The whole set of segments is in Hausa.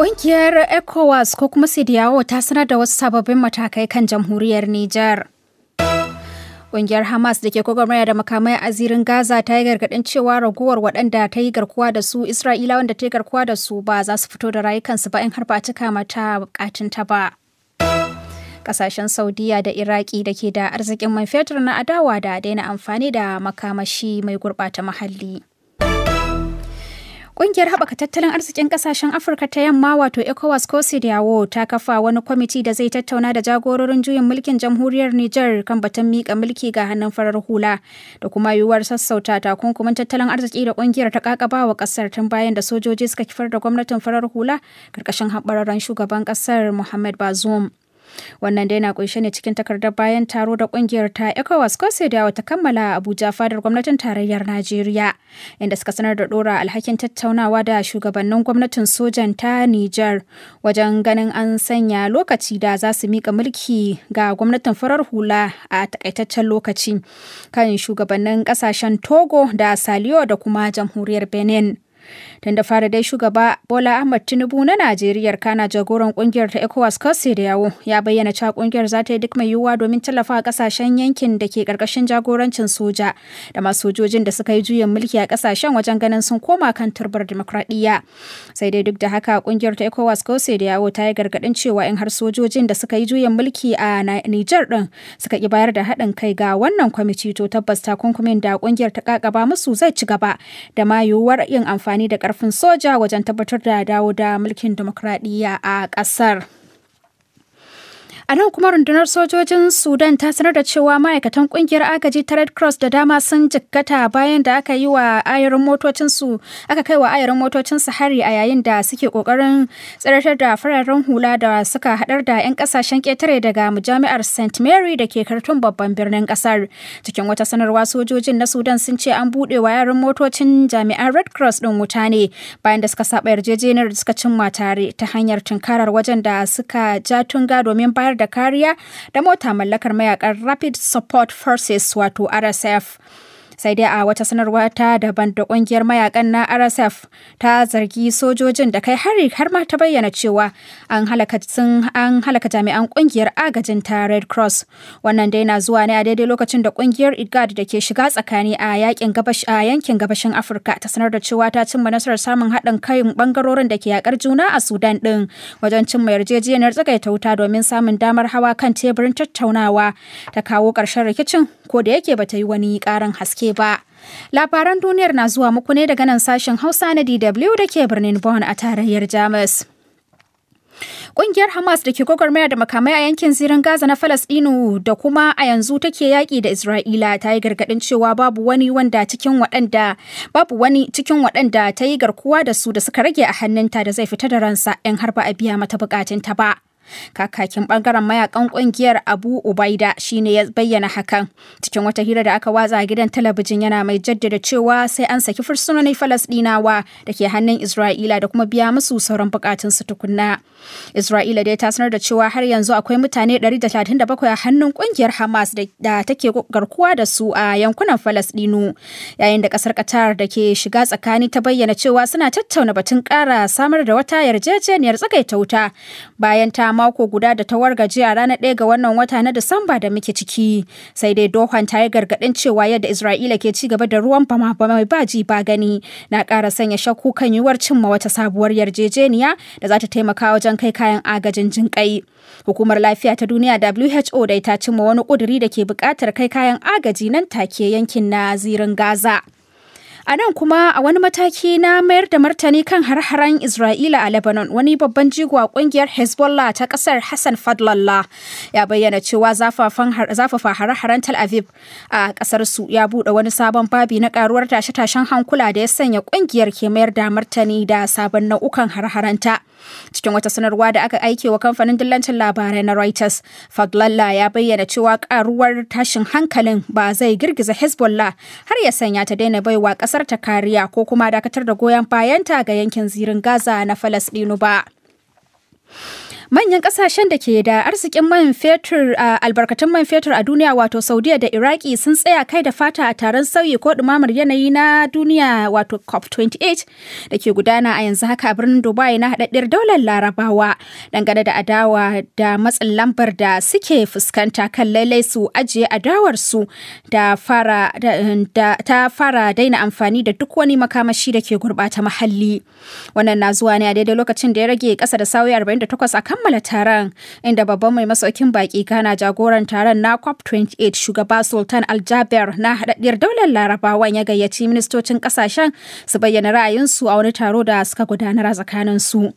Ƙungiyar ECOWAS ko kuma Sidiyawo ta sanar da wasu sababbin matakai kan jamhuriyar Nijar. Ƙungiyar Hamas da ke gwagwarmaya da makamai a zirin Gaza ta yi gargaɗin cewa raguwar waɗanda ta yi garkuwa da su isra'ila wanda ta yi garkuwa da su ba za su fito da rayukansu ba in har ba cika mata ta ba. Ƙasashen Saudiya da Iraki da ke da arzikin man fetur na adawa da daina amfani da makamashi mai gurɓata muhalli. Ƙungiyar haɓaka tattalin arzikin ƙasashen Afirka ta yamma wato ECOWAS ko CEDEAO ta kafa wani kwamiti da zai tattauna da jagororin juyin mulkin jamhuriyar Nijar kan batun miƙa mulki ga hannun farar hula da kuma yiwuwar sassauta takunkumin tattalin arziki da ƙungiyar ta ƙaƙabawa wa ƙasar tun bayan da sojoji suka kifar da gwamnatin farar hula ƙarƙashin haɓararren shugaban ƙasar Muhammad Bazoum. Wannan dai na kunshe ne cikin takardar bayan taro da kungiyar ta ECOWAS ko sai da wata kammala Abuja fadar gwamnatin tarayyar Najeriya inda suka sanar da dora alhakin tattaunawa da shugabannin gwamnatin sojan ta Nijar wajen ganin an sanya lokaci da za su mika mulki ga gwamnatin farar hula a takaitaccen lokaci kan shugabannin kasashen Togo da Saliyo da kuma jamhuriyar Benin. tun da fara dai shugaba bola ahmad tinubu na najeriya kana jagoran kungiyar ta ecowas Kosse da yawo ya bayyana cewa kungiyar za ta yi duk mai yiwuwa domin tallafa a kasashen yankin da ke karkashin jagorancin soja da masu sojojin da suka yi juyin mulki a kasashen wajen ganin sun koma kan turbar demokradiyya sai dai duk da haka kungiyar ta ecowas kose da yawo ta yi gargadin cewa in har sojojin da suka yi juyin mulki a niger din suka ki bayar da haɗin kai ga wannan kwamiti to tabbas kunkumin da kungiyar ta kakaba musu zai ci gaba da ma yiwuwar yin amfani da karfin soja wajen tabbatar da dawo da mulkin demokradiyya a kasar. A nan kuma rundunar sojojin Sudan ta sanar da cewa ma'aikatan kungiyar agaji ta Red Cross da dama sun jikkata bayan da aka yi wa ayarin motocinsu aka kai wa ayarin motocinsu hari a yayin da suke kokarin tsiratar da fararen hula da suka hadar da 'yan kasashen ketare daga jami'ar St. Mary da ke kartun babban birnin kasar. Cikin wata sanarwa sojojin na Sudan sun ce an buɗe wa yaran motocin jami'an Red Cross ɗin wuta ne bayan da suka saba yarjejeniyar da suka cimma tare ta hanyar tunkarar wajen da suka ja tunga domin bayar da kariya da mota mallakar mayakar Rapid Support Forces wato RSF. sai dai a wata sanarwa ta daban da kungiyar mayakan na rsf ta zargi sojojin da kai hari har ma ta bayyana cewa an halaka an halaka jami'an kungiyar agajin ta red cross wannan dai na zuwa ne a daidai lokacin da kungiyar igad da ke shiga tsakani a yakin gabash a yankin gabashin afirka ta sanar da cewa ta cimma nasarar samun haɗin kai bangarorin da ke yakar juna a sudan ɗin wajen cimma yarjejeniyar tsagaita wuta domin samun damar hawa kan teburin tattaunawa ta kawo karshen rikicin ko da yake bata yi wani ƙarin haske ba. Labaran duniyar na zuwa muku ne daga nan sashen Hausa na DW da ke birnin Bonn a tarayyar Jamus. Ƙungiyar Hamas da ke gwagwarmaya da makamai a yankin zirin Gaza na Falasɗinu da kuma a yanzu take yaƙi da Isra'ila ta yi gargaɗin cewa babu wani wanda cikin waɗanda babu wani cikin waɗanda ta yi garkuwa da su da suka rage a hannunta da zai fita da ransa in har ba a biya mata buƙatunta ba. Kakakin bangaren mayakan kungiyar Abu Ubaida shine ya bayyana hakan. Cikin wata hira da aka watsa gidan talabijin yana mai jaddada cewa sai an saki fursunonin Falasdinawa da ke hannun Isra'ila da kuma biya musu sauran bukatun su tukunna. Isra'ila dai ta sanar da cewa har yanzu akwai mutane 137 a hannun kungiyar Hamas da take garkuwa da su a yankunan Falasdinu. Yayin da kasar Qatar da ke shiga tsakani ta bayyana cewa suna tattauna batun kara samar da wata yarjejeniyar tsagaita wuta bayan ta mako guda da ta wargaje a ranar ga wannan wata na Disamba da muke ciki. Sai dai Dohan ta yi gargaɗin cewa yadda Isra'ila ke ci gaba da ruwan bama mai ji ba gani na ƙara sanya shakku kan yiwuwar cimma wata sabuwar yarjejeniya da za ta taimaka wajen kai kayan agajin jinƙai. Hukumar Lafiya ta Duniya WHO da ta cimma wani ƙuduri da ke buƙatar kai kayan agaji nan take yankin na zirin Gaza. A nan kuma a wani mataki na mayar da martani kan har-haren Isra'ila a Lebanon wani babban jigo a kungiyar Hezbollah ta kasar Hassan Fadlallah ya bayyana cewa zafafa har-haren Tel Aviv a kasar su ya buɗe wani sabon babi na karuwar tashe-tashen hankula da ya sanya kungiyar ke mayar da martani da sabon nau'ukan har ta Cikin wata sanarwa da aka aike wa kamfanin dillancin labarai na Reuters, Fadlallah ya bayyana cewa karuwar tashin hankalin ba zai girgiza Hezbollah har ya sanya ta daina baiwa kasar ta kariya ko kuma dakatar da goyon bayanta ga yankin zirin Gaza na Falasɗinu ba. manyan kasashen da ke da arzikin man fetur a albarkatun man fetur a duniya wato saudiya da iraki sun tsaya kai da fata a taron sauyi ko dumamar yanayi na duniya wato cop 28 da ke gudana a yanzu haka a birnin dubai na haɗaɗɗiyar daular larabawa dangane da adawa da matsin lambar da suke fuskanta kan lailai su ajiye adawar su ta fara daina amfani da duk wani makamashi da ke gurɓata muhalli wannan na zuwa ne a daidai lokacin da ya rage ƙasa da sauyi 48 a kammala taron inda babban mai masaukin baki gana jagoran taron na COP28 shugaba Sultan Aljaber na haɗaɗɗiyar daular Larabawan ya gayyaci ministocin kasashen su bayyana ra'ayinsu a wani taro da suka gudanar a tsakanin su.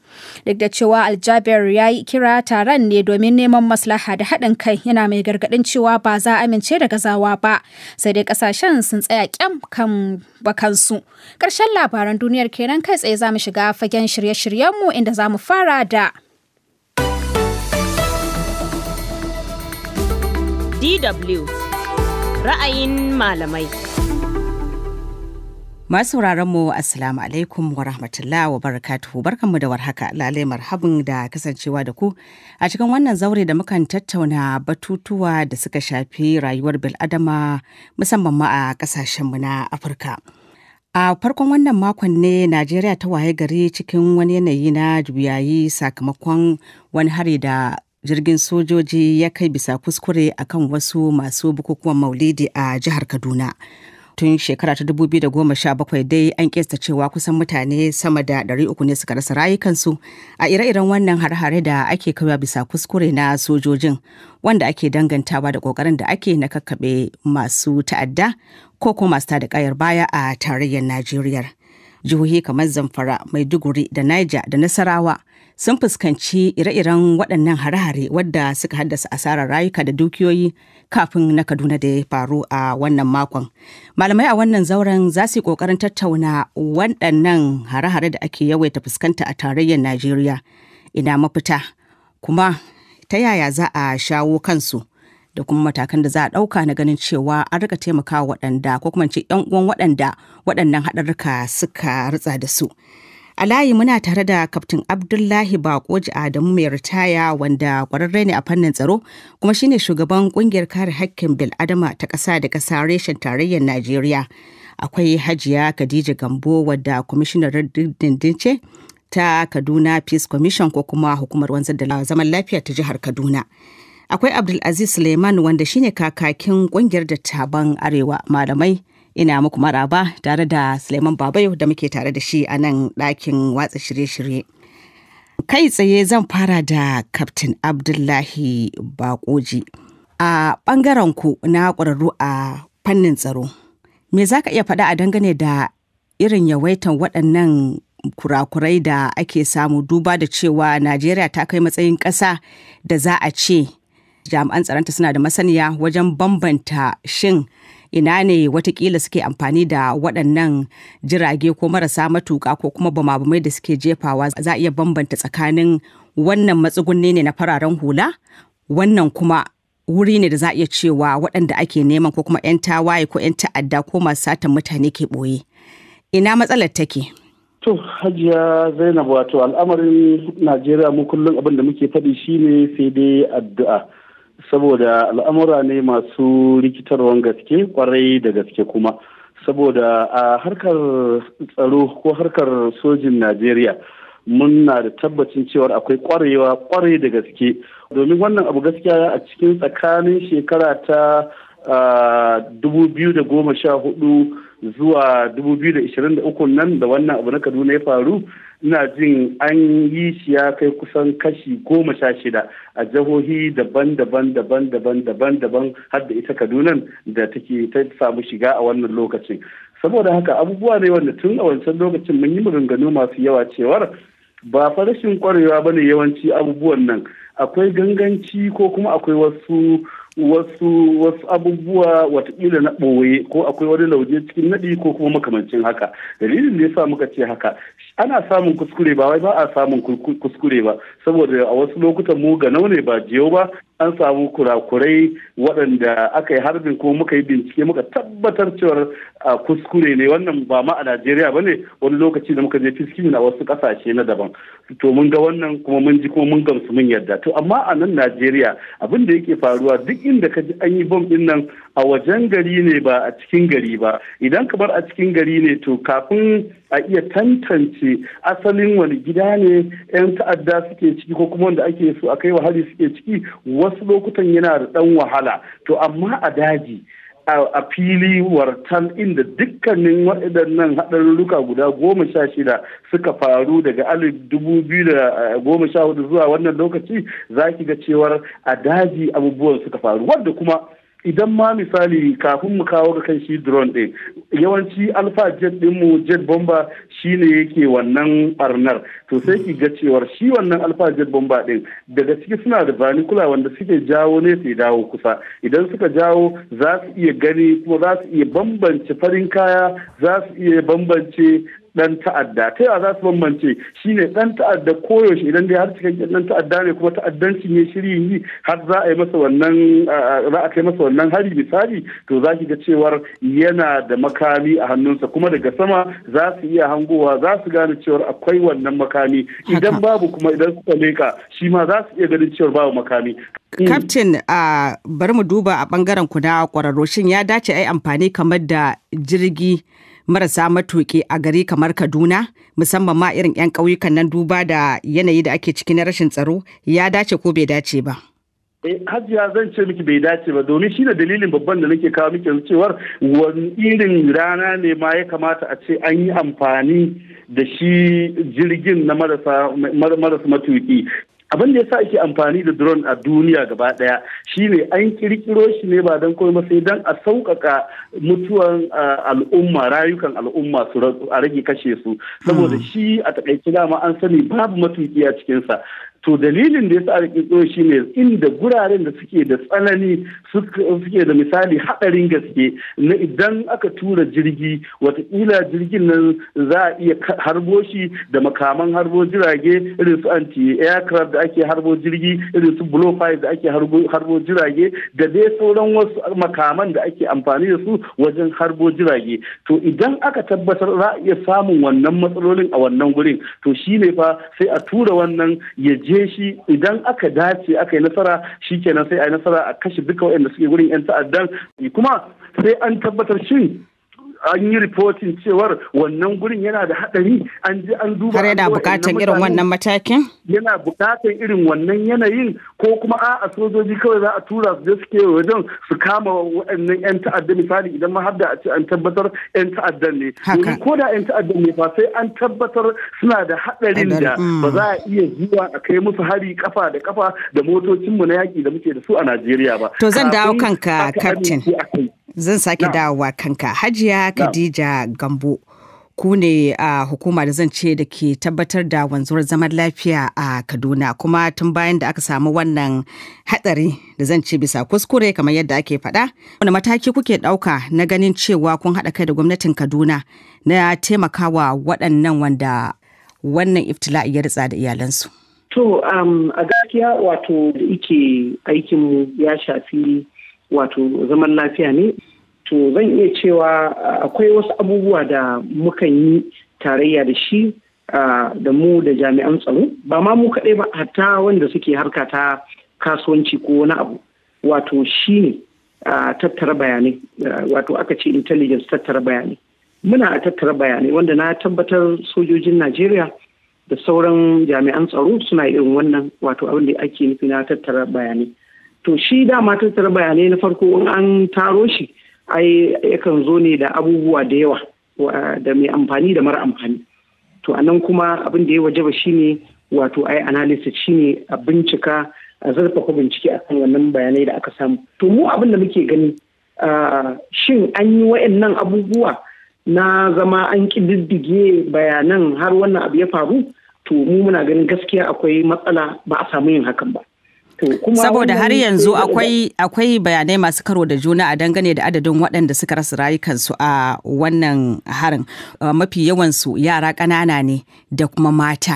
Duk da cewa Aljaber ya yi kira taron ne domin neman maslaha da haɗin kai yana mai gargaɗin cewa ba za a amince da gazawa ba sai dai kasashen sun tsaya kyam kan bakansu. karshen labaran duniyar kenan kai tsaye za mu shiga fagen shirye-shiryenmu inda za mu fara da DW ra'ayin malamai. Masu mu Assalamu alaikum wa rahmatullah wa barakatuhu barkanmu da warhaka lalai marhabin da kasancewa da ku a cikin wannan zaure da mukan tattauna batutuwa da suka shafi rayuwar bil'adama musamman ma a kasashenmu na Afirka. A farkon wannan makon ne Najeriya ta waye gari cikin wani yanayi na juyayi sakamakon wani hari da jirgin sojoji ya kai bisa kuskure akan wasu masu bukukuwan maulidi a jihar kaduna tun shekara ta 2017 dai an kesta cewa kusan mutane sama da 300 ne suka rasa rayukansu a ire-iren wannan har-hare da ake kaiwa bisa kuskure na sojojin wanda ake dangantawa da kokarin da ake na kakkaɓe masu ta'adda ko kuma masu tada kayar baya a tarayyar najeriya jihohi kamar zamfara maiduguri da niger da nasarawa sun fuskanci ire-iren waɗannan hare-hare wadda suka haddasa asarar rayuka da dukiyoyi kafin na Kaduna da ya faru a wannan makon. Malamai a wannan zauren za su yi ƙoƙarin tattauna waɗannan hare-hare da ake yawaita fuskanta a tarayyar Najeriya. Ina mafita kuma ta yaya za a shawo kansu da kuma matakan da za a ɗauka na ganin cewa an rika taimakawa waɗanda ko kuma ce 'yan uwan waɗanda waɗannan haɗarruka suka ritsa da su. A layi muna tare da Kaftin Abdullahi Bakoji Adamu mai ritaya wanda kwararre ne a fannin tsaro kuma shine shugaban kungiyar kare hakkin bil'adama ta ƙasa da ƙasa reshen tarayyar Najeriya. Akwai Hajiya Khadija Gambo wadda kwamishinar dindin ce ta Kaduna Peace Commission ko kuma hukumar wanzar da zaman lafiya ta jihar Kaduna. Akwai Abdulaziz Suleiman wanda shine kakakin kungiyar dattaban Arewa malamai ina muku maraba tare da Suleiman Babayo da muke tare da shi a nan ɗakin watsa shirye-shirye. Kai tsaye zan fara da Kaftin Abdullahi Bakoji. A ɓangaren ku na ƙwararru a fannin tsaro, me za ka iya faɗa a dangane da irin yawaitan waɗannan kurakurai da ake samu duba da cewa Najeriya ta kai matsayin ƙasa da za a ce jami'an tsaronta suna da masaniya wajen bambanta shin ina ne watakila suke amfani da waɗannan jirage ko marasa matuƙa ko kuma bama-bamai da suke jefawa za a iya bambanta tsakanin wannan matsugunni ne na fararen hula wannan kuma wuri ne da za a iya cewa waɗanda ake neman ko kuma 'yan tawaye ko 'yan ta'adda ko masu satan mutane ke ɓoye ina matsalar take to hajiya zainab wato al'amarin najeriya mu kullum abin da muke faɗi shine sai dai addu'a saboda al'amura ne masu rikitarwan gaske kwarai da gaske kuma saboda a harkar tsaro ko harkar sojin najeriya muna da tabbacin cewar akwai kwarewa kwarai da gaske domin wannan abu gaskiya a cikin tsakanin shekara ta dubu da goma sha hudu zuwa 2023 nan da wannan abu na kaduna ya faru ina jin an yi shi ya kai kusan kashi goma sha shida a jihohi daban-daban daban-daban daban-daban har da ita kadunan da take ta samu shiga a wannan lokacin saboda haka abubuwa ne wanda tun a wancan lokacin mun yi maganganu masu yawa cewar ba farashin rashin kwarewa bane yawanci abubuwan nan akwai ganganci ko kuma akwai wasu wasu wasu abubuwa watakila na ɓoye ko akwai wani lauje cikin naɗi ko kuma makamancin haka dalilin da yasa muka ce haka ana samun kuskure ba wai ba a samun kuskure ba saboda a wasu lokutan mu ga ne ba jiyo ba an samu kurakurai waɗanda aka yi harbin ko muka yi bincike muka tabbatar cewar kuskure ne wannan ba ma a najeriya ba ne wani lokaci da muka je fiskin a wasu ƙasashe na daban to mun ga wannan kuma mun ji kuma mun gamsu mun yarda to amma a nan najeriya abin da yake faruwa duk inda ka ji an yi bom din nan a wajen gari ne ba a cikin gari ba idan ka bar a cikin gari ne to kafin a iya tantance asalin wani gida ne 'yan ta'adda suke ciki ko kuma wanda ake so a kai wa hali suke ciki wasu wasu lokutan yana da ɗan wahala to amma a daji a fili wartal inda dukkanin waɗannan haɗarurruka guda goma sha shida suka faru daga alif dubu biyu da goma sha hudu zuwa wannan lokaci za ki ga cewar a daji abubuwan suka faru wanda kuma idan ma misali kafin mu kawo ga kan shi drone din yawanci alfa jet ɗin mu jet bomba shine yake wannan arnar to sai ki ga cewar shi wannan alfa jet bomba din daga ciki suna da vernacular wanda suke jawo ne sai dawo kusa idan suka jawo za su iya gani kuma za su iya bambance farin kaya za su iya bambance ɗan ta'adda ta yaya za su bambance shi ne dan ta'adda koyaushe idan dai har cikakken dan ta'adda ne kuma ta'addanci ne shirin yi har za a yi masa wannan za a kai masa wannan hari misali to za ki ga cewar yana da makami a hannunsa kuma daga sama za su iya hangowa za su gane cewar akwai wannan makami idan babu kuma idan suka leka shi ma za su iya ganin cewar babu makami Kaftin hmm. a bari mu duba a bangaren ku na kwararro shin ya dace a yi amfani kamar da jirgi marasa matuƙi a gari kamar Kaduna musamman ma irin 'yan ƙauyukan nan duba da yanayi da ake ciki na rashin tsaro ya dace ko bai dace ba. Eh, hajiya zan ce miki bai dace ba domin shi da dalilin babban da nake kawo miki cewar wani irin rana ne ma ya kamata a ce an yi amfani da shi jirgin na marasa matuki abin da ya sa ake amfani da drone a duniya gaba daya shine an kirkiro shi ne ba don komai sai don a sauƙaƙa mutuwan al'umma rayukan al'umma su a rage kashe su saboda hmm. shi a takaice dama an sani babu matuƙi a cikinsa. to dalilin da ya sa tsoro shi ne inda guraren da suke da tsanani suke da misali haɗarin gaske na idan aka tura jirgi watakila jirgin nan za a iya harbo shi da makaman harbo jirage irin su anti aircraft da ake harbo jirgi irin su blow fire da ake harbo jirage da dai sauran wasu makaman da ake amfani da su wajen harbo jirage to idan aka tabbatar za a iya samun wannan matsalolin a wannan gurin to shi ne fa sai a tura wannan ya je je shi idan aka dace aka yi nasara shi kenan sai a yi nasara a kashe duka waɗanda suke gurin 'yan ta'addan kuma sai an tabbatar shin an yi rifotin cewar wannan gurin yana da hadari an ji an duba kare da bukatan irin wannan matakin yana bukatan irin wannan yanayin ko kuma a sojoji kawai za a tura su je suke wajen su kama wa'annan yan ta'adda misali idan ma har da a ce an tabbatar yan ta'adda ne ko da yan ta'addan ne fa sai an tabbatar suna da hadarin da mm. ba za a iya zuwa a kai musu hari kafa da kafa da motocinmu na yaki da muke da su a Najeriya ba to zan dawo kanka captain Zan sake dawowa kanka Hajiya Khadija Gambo. Ku ne a hukuma da zan ce da ke tabbatar da wanzuwar zaman lafiya a Kaduna kuma tun bayan da aka samu wannan hatsari da zan ce bisa kuskure kamar yadda ake faɗa. Wani mataki kuke ɗauka na ganin cewa kun haɗa kai da gwamnatin Kaduna na taimakawa waɗannan wanda wannan iftila'i ya ritsa da iyalansu? To, um, a gaskiya wato da ike aikinmu ya shafi wato zaman lafiya ne to zan iya cewa ah, akwai wasu abubuwa da mukan yi tarayya da shi ah, da mu da jami'an tsaro ba ma mu kaɗai ba hatta wanda suke harka ta kasuwanci ko wani abu wato shi ne ah, tattara bayanai wato aka ce intelligence tattara bayanai muna a tattara bayanai wanda na tabbatar sojojin najeriya da sauran jami'an tsaro suna irin wannan wato abin da ake nufi na tattara bayanai to shi dama tattara bayanai na farko in an taro shi ai yakan zo ne da abubuwa da yawa da mai amfani da mara amfani to anan kuma abin da ya wajaba shine wato ai analysis shine a bincika a zarfafa bincike a kan wannan bayanai da aka samu to mu abin da muke gani shin an yi wa'annan abubuwa na zama an ƙididdige bayanan har wannan abu ya faru to mu muna ganin gaskiya akwai matsala ba a samu yin hakan ba Saboda har yanzu akwai bayanai masu karo da juna a dangane da adadin waɗanda suka rasa rayukansu a wannan harin. Uh, mafi yawansu yara ƙanana ne da kuma mata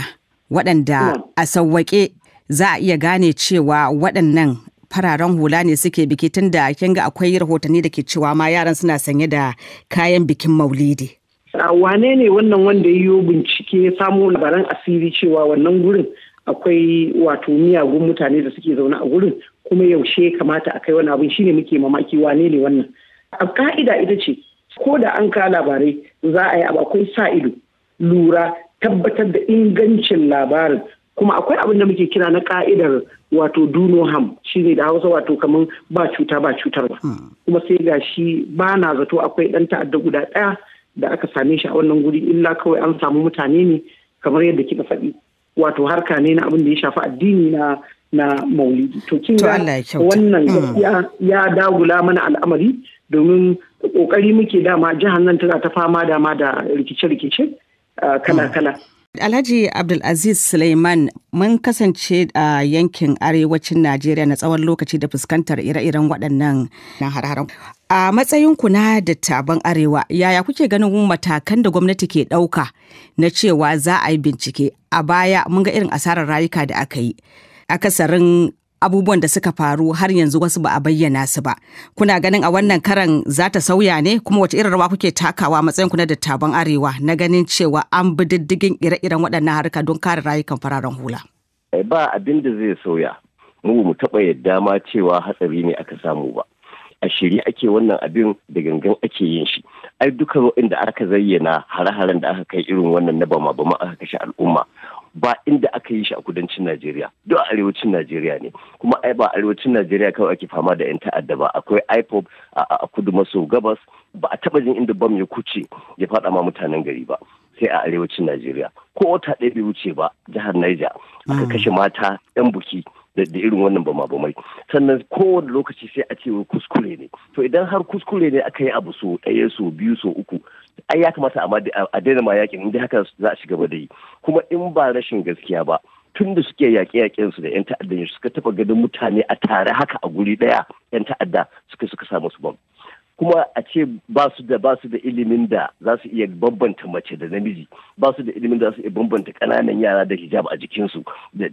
waɗanda hmm. a sauwaƙe za a iya gane cewa waɗannan fararen hula ne suke biki tun da kin akwai rahotanni da ke cewa ma yaran suna sanye da kayan bikin maulidi. wane ne wannan wanda ya yi bincike ya samo labaran asiri cewa wannan gurin akwai wato miyagun mutane da suke zaune a gurin kuma yaushe kamata a kai wani abin shine muke mamaki wane ne wannan a ka'ida ita ce ko da an ka labarai za a yi abu akwai sa ido lura tabbatar da ingancin labarin kuma akwai abin da muke kira na ka'idar wato duno ham shine da hausa wato kamar ba cuta ba cutar ba hmm. kuma sai ga shi ba na zato akwai dan ta'adda guda ɗaya da aka same shi a wannan guri illa kawai an samu mutane ne kamar yadda kika faɗi wato harka ne na abin da ya shafi addini na na maulidi to kin ga wannan mm. gaskiya ya dagula mana al'amari domin kokari muke dama jihar nan tana ta fama dama da rikice-rikice uh, kala-kala mm. Alhaji Abdulaziz Suleiman mun kasance a yankin arewacin Najeriya na tsawon lokaci da fuskantar ire-iren waɗannan har A matsayinku na dattaban Arewa, yaya kuke ganin matakan da gwamnati ke ɗauka na cewa za a yi bincike a baya mun ga irin asarar rayuka da aka yi. Akasarin abubuwan da suka faru har yanzu wasu ba a bayyana su ba. Kuna ganin a wannan karan za ta sauya ne kuma wace irin rawa kuke takawa matsayinku na dattaban Arewa na ganin cewa an bi diddigin ire-iren waɗannan harka don kare rayukan fararen hula. Ba abin da zai sauya. Mu mu taɓa yadda ma cewa hatsari ne aka samu ba. a shirye ake wannan abin da gangan ake yin shi ai duka inda aka zayyana hare-haren da aka kai irin wannan na bama bama aka kashe al'umma ba inda aka yi shi a kudancin Najeriya duk arewacin Najeriya ne kuma ai ba arewacin Najeriya kawai ake fama da yan ta'adda ba akwai IPOB a kudu maso gabas ba a taba jin inda bam ya kuce ya fada ma mutanen gari ba sai a arewacin Najeriya ko wata ɗaya bai wuce ba jihar Niger aka mm. kashe mata yan buki da irin wannan bama mai sannan kowane lokaci sai a ce kuskure ne to idan har kuskure ne aka yi abu so ɗaya so biyu so uku ai ya kamata a daina ma yakin inda haka za a ci gaba da yi kuma in ba rashin gaskiya ba tun da suke yaƙe-yaƙen su da 'yan ta'adda suka taɓa ganin mutane a tare haka a guri ɗaya 'yan ta'adda suka suka sa musu bam kuma a ce ba su da ba su da ilimin da za su iya bambanta mace da namiji ba su da ilimin da za su iya bambanta kananan yara da hijab a jikinsu da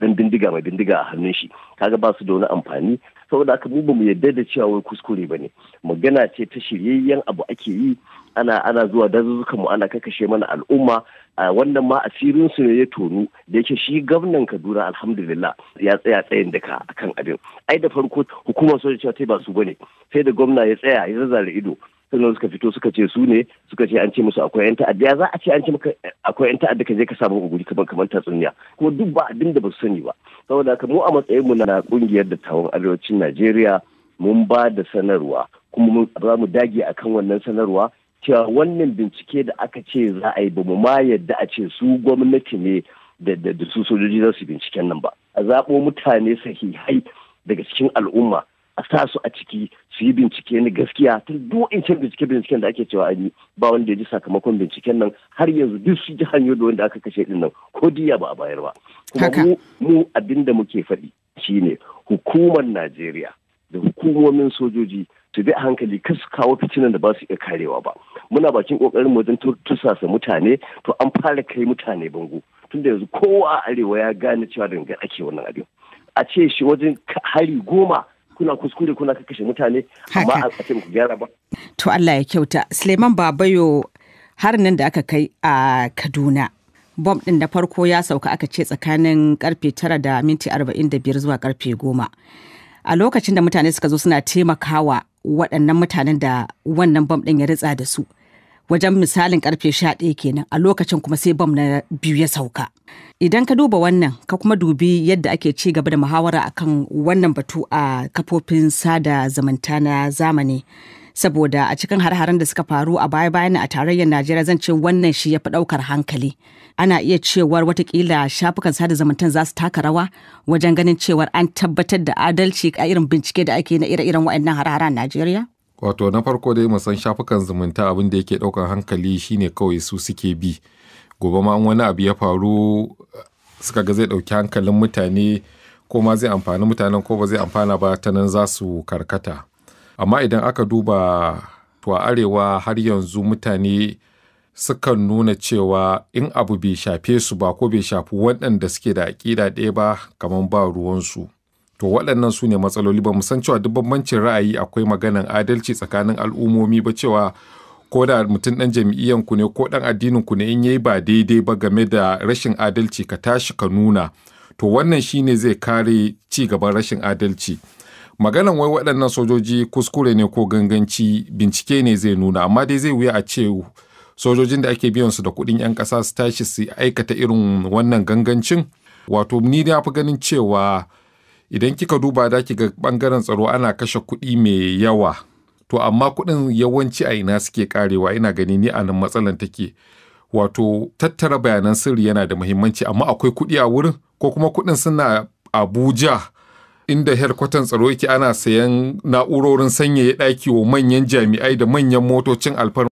dan bindiga mai bindiga a hannun shi kaga ba su da wani amfani saboda haka mu bamu yarda da cewa wai kuskure ba ne magana ce ta shiryayyen abu ake yi ana ana zuwa dazuzzukan mu ana kakashe mana al'umma a wannan ma asirin su ne ya tonu da yake shi gwamnan Kaduna alhamdulillah ya tsaya tsayin da daka akan abin ai da farko hukumar sojoji ta ba su bane sai da gwamna ya tsaya ya zazzare ido sannan suka fito suka ce su ne suka ce an ce musu akwai yan ta'adda ya za a ce an ce maka akwai yan ta'adda ka je ka samu guri kaman kamar tatsuniya kuma duk ba abin da ba su sani ba saboda haka mu a matsayin mu na kungiyar da dattawan arewacin Najeriya mun ba da sanarwa kuma za mu dage akan wannan sanarwa cewa wannan bincike da aka ce za a yi ba mu ma yadda a ce su gwamnati ne da su sojoji za su binciken nan ba a zaɓo mutane sahihai daga cikin al'umma a sa su a ciki su yi bincike na gaskiya tun duk wa'ancan bincike binciken da ake cewa an ba wanda ya ji sakamakon binciken nan har yanzu duk su ji hanyoyi da wanda aka kashe din nan ko diya ba a bayar ba kuma mu abin da muke faɗi shine hukumar Najeriya da hukumomin sojoji su bi hankali kar su kawo fitinan da ba su iya karewa ba muna bakin kokarin mu wajen tusasa mutane to an fara kai mutane bango tun da yanzu kowa a arewa ya gane cewa daga ake wannan abin a ce shi wajen hari goma kuna kuskure kuna kakashe mutane amma a ce ku gyara ba. To Allah ya kyauta. Suleiman Babayo har nan da aka kai a Kaduna. Bom ɗin na farko ya sauka aka ce tsakanin karfe tara da minti arba'in da biyar zuwa karfe goma. A lokacin da mutane suka zo suna taimakawa waɗannan mutanen da wannan bom ɗin ya ritsa da su. wajen misalin karfe 11 kenan a lokacin kuma sai bam na biyu ya sauka idan ka duba wannan ka kuma dubi yadda ake ci gaba da muhawara akan wannan batu a kafofin sada zumunta na zamani saboda a cikin har-haren da suka faru a baya-bayan a tarayyar najeriya zan ce wannan shi ya fi ɗaukar hankali ana iya cewar watakila shafukan sada zumunta za su taka rawa wajen ganin cewar an tabbatar da adalci a irin bincike da ake na ire-iren waɗannan har-haren najeriya wato na farko dai mu san shafukan zumunta abin da yake daukan hankali shine kawai su suke bi gobe ma wani abu ya faru suka ga zai ɗauki hankalin mutane ko ma zai amfani mutanen ko ba zai amfana ba ta nan za su karkata amma idan aka duba to a arewa har yanzu mutane sukan nuna cewa in abu bai shafe su ba ko bai shafi waɗanda suke da aƙida ɗaya ba kamar ba ruwansu to waɗannan su ne matsaloli ba san cewa duk bambancin ra'ayi akwai maganan adalci tsakanin al'ummomi ba cewa ko da mutum ɗan jam'iyyan ku ne ko ɗan addinin ku ne in yayi ba daidai ba game da rashin adalci ka tashi ka nuna to wannan shine zai kare ci gaban rashin adalci maganan wai waɗannan sojoji kuskure ne ko ganganci bincike ne zai nuna amma dai zai wuya a ce sojojin da ake biyan su da kuɗin 'yan ƙasa su tashi su aikata irin wannan gangancin wato ni na fi ganin cewa idan kika duba da ga bangaren tsaro ana kashe kuɗi mai yawa to amma kuɗin yawanci a ina suke karewa ina gani ni a nan matsalan take wato tattara bayanan sirri yana da muhimmanci amma akwai kuɗi a wurin ko kuma kuɗin suna abuja inda herkwatan tsaro yake ana sayan na'urorin sanyaya ɗaki wa manyan jami'ai da manyan motocin alfarma